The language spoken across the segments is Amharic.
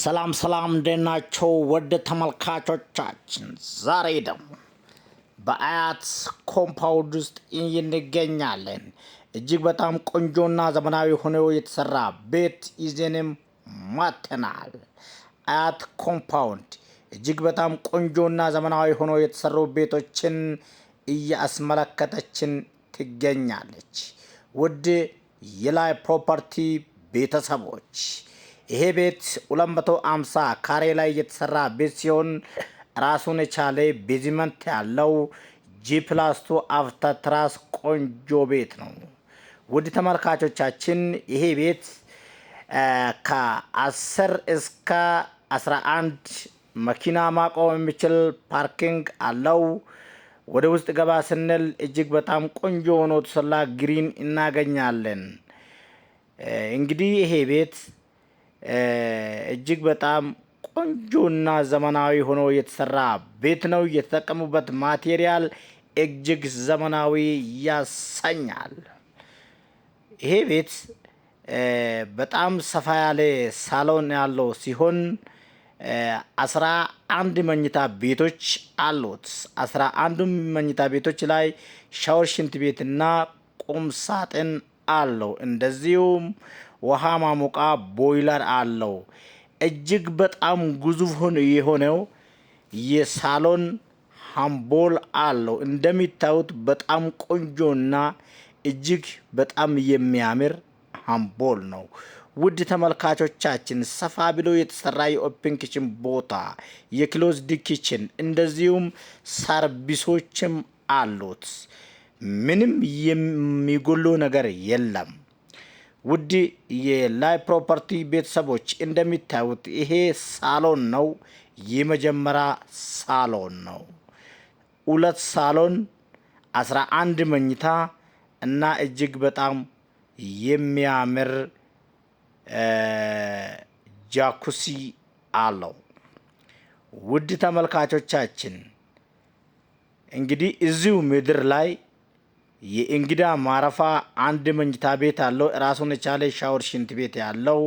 ሰላም ሰላም እንደናቸው ወደ ተመልካቾቻችን፣ ዛሬ ደግሞ በአያት ኮምፓውንድ ውስጥ እንገኛለን። እጅግ በጣም ቆንጆና ዘመናዊ ሆኖ የተሰራ ቤት ይዘንም ማተናል። አያት ኮምፓውንድ እጅግ በጣም ቆንጆና ዘመናዊ ሆኖ የተሰሩ ቤቶችን እያስመለከተችን ትገኛለች። ውድ የላይ ፕሮፐርቲ ቤተሰቦች ይሄ ቤት 250 ካሬ ላይ የተሰራ ቤት ሲሆን ራሱን የቻለ ቤዚመንት ያለው ጂፕላስቱ አፍተር ትራስ ቆንጆ ቤት ነው። ውድ ተመልካቾቻችን ይሄ ቤት ከ10 እስከ 11 መኪና ማቆም የሚችል ፓርኪንግ አለው። ወደ ውስጥ ገባ ስንል እጅግ በጣም ቆንጆ ሆኖ ተሰላ ግሪን እናገኛለን። እንግዲህ ይሄ ቤት እጅግ በጣም ቆንጆና ዘመናዊ ሆኖ የተሰራ ቤት ነው። የተጠቀሙበት ማቴሪያል እጅግ ዘመናዊ ያሰኛል። ይሄ ቤት በጣም ሰፋ ያለ ሳሎን ያለው ሲሆን አስራ አንድ መኝታ ቤቶች አሉት። አስራ አንዱ መኝታ ቤቶች ላይ ሻወር፣ ሽንት ቤትና ቁም ሳጥን አለው እንደዚሁም ውሃ ማሞቃ ቦይለር አለው። እጅግ በጣም ግዙፍ የሆነው የሳሎን ሃምቦል አለው። እንደሚታዩት በጣም ቆንጆና እጅግ በጣም የሚያምር ሃምቦል ነው። ውድ ተመልካቾቻችን ሰፋ ብሎ የተሰራ የኦፕን ኪችን ቦታ፣ የክሎዝድ ኪችን እንደዚሁም ሰርቢሶችም አሉት። ምንም የሚጎለው ነገር የለም። ውድ የላይ ፕሮፐርቲ ቤተሰቦች እንደሚታዩት ይሄ ሳሎን ነው። የመጀመሪያ ሳሎን ነው። ሁለት ሳሎን፣ አስራ አንድ መኝታ እና እጅግ በጣም የሚያምር ጃኩሲ አለው። ውድ ተመልካቾቻችን እንግዲህ እዚሁ ምድር ላይ የእንግዳ ማረፋ አንድ መኝታ ቤት አለው። ራሱን የቻለ ሻወር፣ ሽንት ቤት ያለው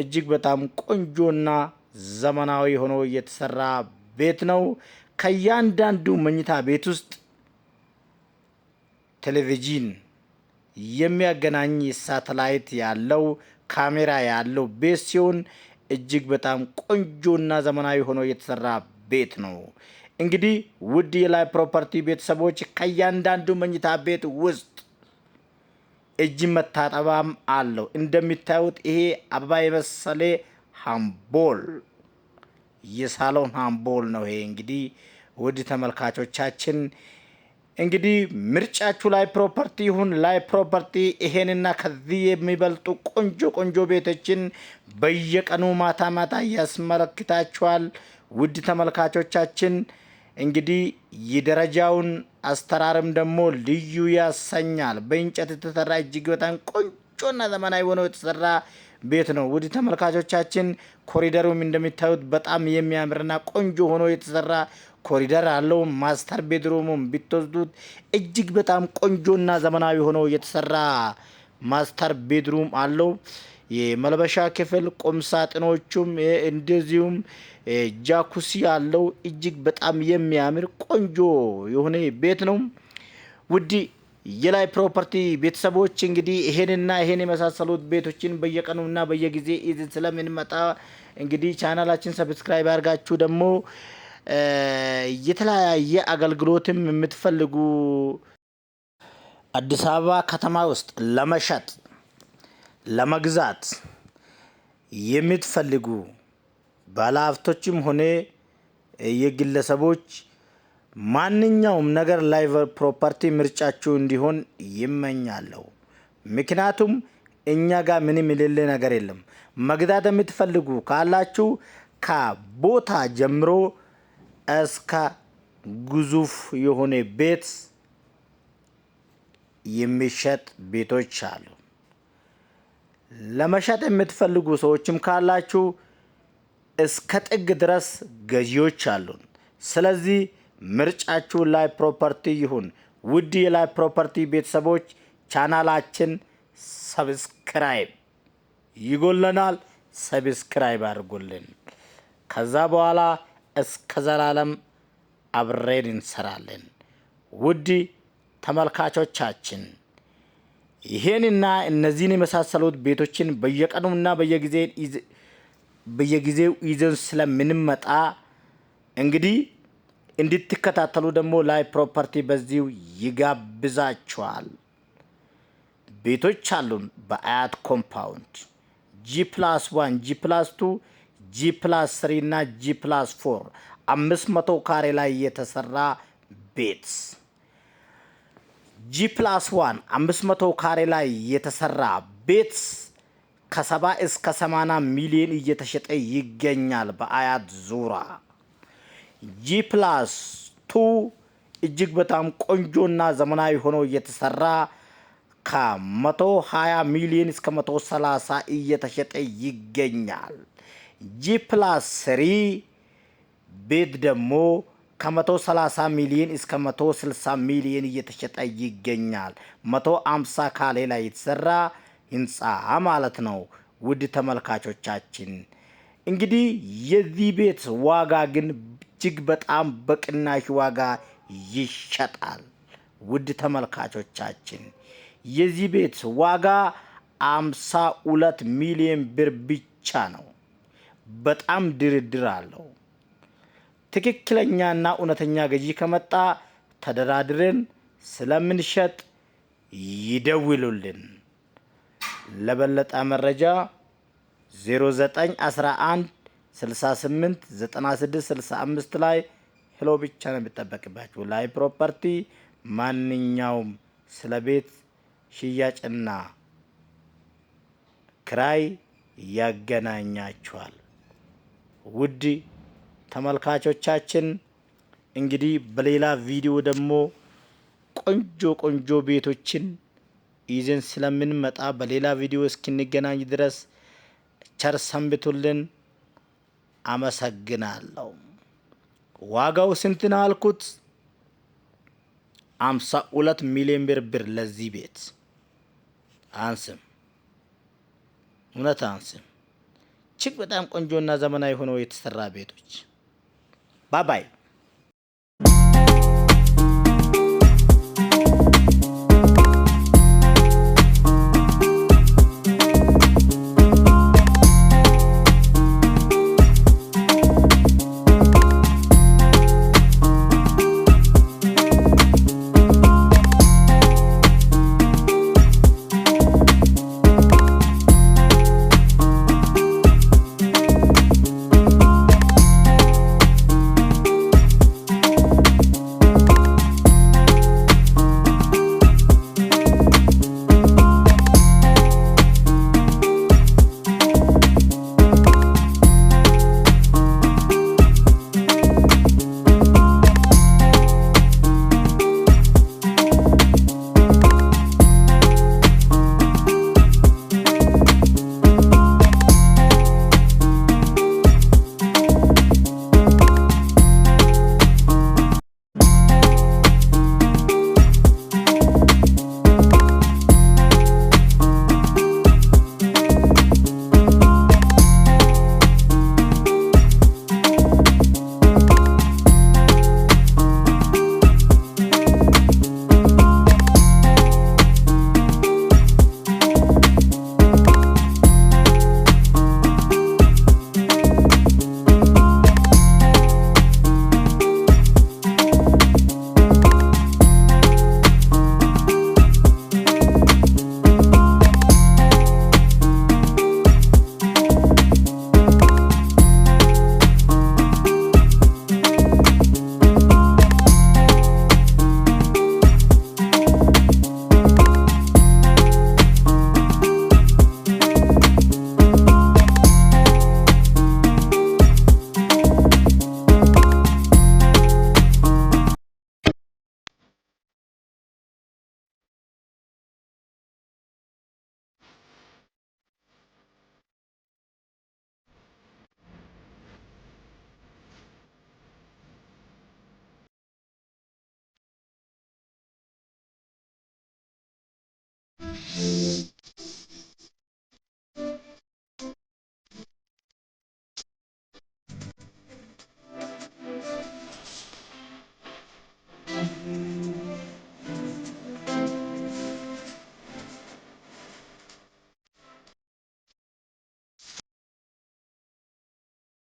እጅግ በጣም ቆንጆና ዘመናዊ ሆኖ የተሰራ ቤት ነው። ከእያንዳንዱ መኝታ ቤት ውስጥ ቴሌቪዥን የሚያገናኝ ሳተላይት ያለው ካሜራ ያለው ቤት ሲሆን እጅግ በጣም ቆንጆና ዘመናዊ ሆኖ የተሰራ ቤት ነው። እንግዲህ ውድ የላይ ፕሮፐርቲ ቤተሰቦች ከእያንዳንዱ መኝታ ቤት ውስጥ እጅ መታጠባም አለው። እንደሚታዩት ይሄ አበባ የመሰለ ሃምቦል የሳሎን ሃምቦል ነው። ይሄ እንግዲህ ውድ ተመልካቾቻችን እንግዲህ ምርጫችሁ ላይ ፕሮፐርቲ ይሁን። ላይ ፕሮፐርቲ ይሄንና ከዚህ የሚበልጡ ቆንጆ ቆንጆ ቤቶችን በየቀኑ ማታ ማታ ያስመለክታችኋል። ውድ ተመልካቾቻችን እንግዲህ የደረጃውን አስተራርም ደግሞ ልዩ ያሰኛል። በእንጨት የተሰራ እጅግ በጣም ቆንጆና ዘመናዊ ሆኖ የተሰራ ቤት ነው። ውድ ተመልካቾቻችን ኮሪደሩም እንደሚታዩት በጣም የሚያምርና ቆንጆ ሆኖ የተሰራ ኮሪደር አለው። ማስተር ቤድሩሙም ቢትወስዱት እጅግ በጣም ቆንጆና ዘመናዊ ሆኖ የተሰራ ማስተር ቤድሩም አለው። የመልበሻ ክፍል ቁም ሳጥኖቹም እንደዚሁም ጃኩሲ ያለው እጅግ በጣም የሚያምር ቆንጆ የሆነ ቤት ነው። ውድ የላይ ፕሮፐርቲ ቤተሰቦች እንግዲህ ይሄንና ይሄን የመሳሰሉት ቤቶችን በየቀኑና በየጊዜ ይዘን ስለምንመጣ እንግዲህ ቻናላችን ሰብስክራይብ አድርጋችሁ ደግሞ የተለያየ አገልግሎትም የምትፈልጉ አዲስ አበባ ከተማ ውስጥ ለመሸጥ ለመግዛት የምትፈልጉ ባለሀብቶችም ሆነ የግለሰቦች ማንኛውም ነገር ላይ ፕሮፐርቲ ምርጫችሁ እንዲሆን ይመኛለሁ። ምክንያቱም እኛ ጋር ምንም የሌለ ነገር የለም። መግዛት የምትፈልጉ ካላችሁ ከቦታ ጀምሮ እስከ ግዙፍ የሆነ ቤት የሚሸጥ ቤቶች አሉ። ለመሸጥ የምትፈልጉ ሰዎችም ካላችሁ እስከ ጥግ ድረስ ገዢዎች አሉን። ስለዚህ ምርጫችሁ ላይ ፕሮፐርቲ ይሁን። ውድ የላይ ፕሮፐርቲ ቤተሰቦች ቻናላችን ሰብስክራይብ ይጎለናል፣ ሰብስክራይብ አድርጉልን። ከዛ በኋላ እስከ ዘላለም አብሬን እንሰራለን። ውድ ተመልካቾቻችን ይሄንና እነዚህን የመሳሰሉት ቤቶችን በየቀኑና በየጊዜው ይዘን ስለምንመጣ እንግዲህ እንድትከታተሉ ደግሞ ላይ ፕሮፐርቲ በዚሁ ይጋብዛችኋል። ቤቶች አሉን በአያት ኮምፓውንድ ጂ ፕላስ ዋን ጂ ፕላስ ቱ ጂ ፕላስ ስሪ እና ጂ ፕላስ ፎር አምስት መቶ ካሬ ላይ የተሰራ ቤት ጂ ፕላስ ዋን 500 ካሬ ላይ የተሰራ ቤት ከሰባ እስከ 80 ሚሊዮን እየተሸጠ ይገኛል። በአያት ዙራ ጂ ፕላስ ቱ እጅግ በጣም ቆንጆና ዘመናዊ ሆኖ እየተሰራ ከ120 ሚሊዮን እስከ 130 እየተሸጠ ይገኛል። ጂ ፕላስ ስሪ ቤት ደግሞ ከመቶ 30 ሚሊዮን እስከ 160 ሚሊዮን እየተሸጠ ይገኛል። 150 ካሌ ላይ የተሰራ ህንፃ ማለት ነው። ውድ ተመልካቾቻችን እንግዲህ የዚህ ቤት ዋጋ ግን እጅግ በጣም በቅናሽ ዋጋ ይሸጣል። ውድ ተመልካቾቻችን የዚህ ቤት ዋጋ 52 ሚሊዮን ብር ብቻ ነው። በጣም ድርድር አለው። ትክክለኛና እውነተኛ ገዢ ከመጣ ተደራድረን ስለምንሸጥ ይደውሉልን። ለበለጠ መረጃ 0911 ላይ ሄሎ ብቻ ነው የሚጠበቅባችሁ። ላይ ፕሮፐርቲ ማንኛውም ስለ ቤት ሽያጭና ክራይ ያገናኛችኋል። ውድ ተመልካቾቻችን እንግዲህ በሌላ ቪዲዮ ደግሞ ቆንጆ ቆንጆ ቤቶችን ይዘን ስለምንመጣ በሌላ ቪዲዮ እስክንገናኝ ድረስ ቸር ሰንብቱልን። አመሰግናለሁ። ዋጋው ስንት ነው አልኩት? አምሳ ሁለት ሚሊዮን ብር ብር ለዚህ ቤት አንስም፣ እውነት አንስም። እጅግ በጣም ቆንጆና ዘመናዊ ሆነው የተሰራ ቤቶች Bye bye.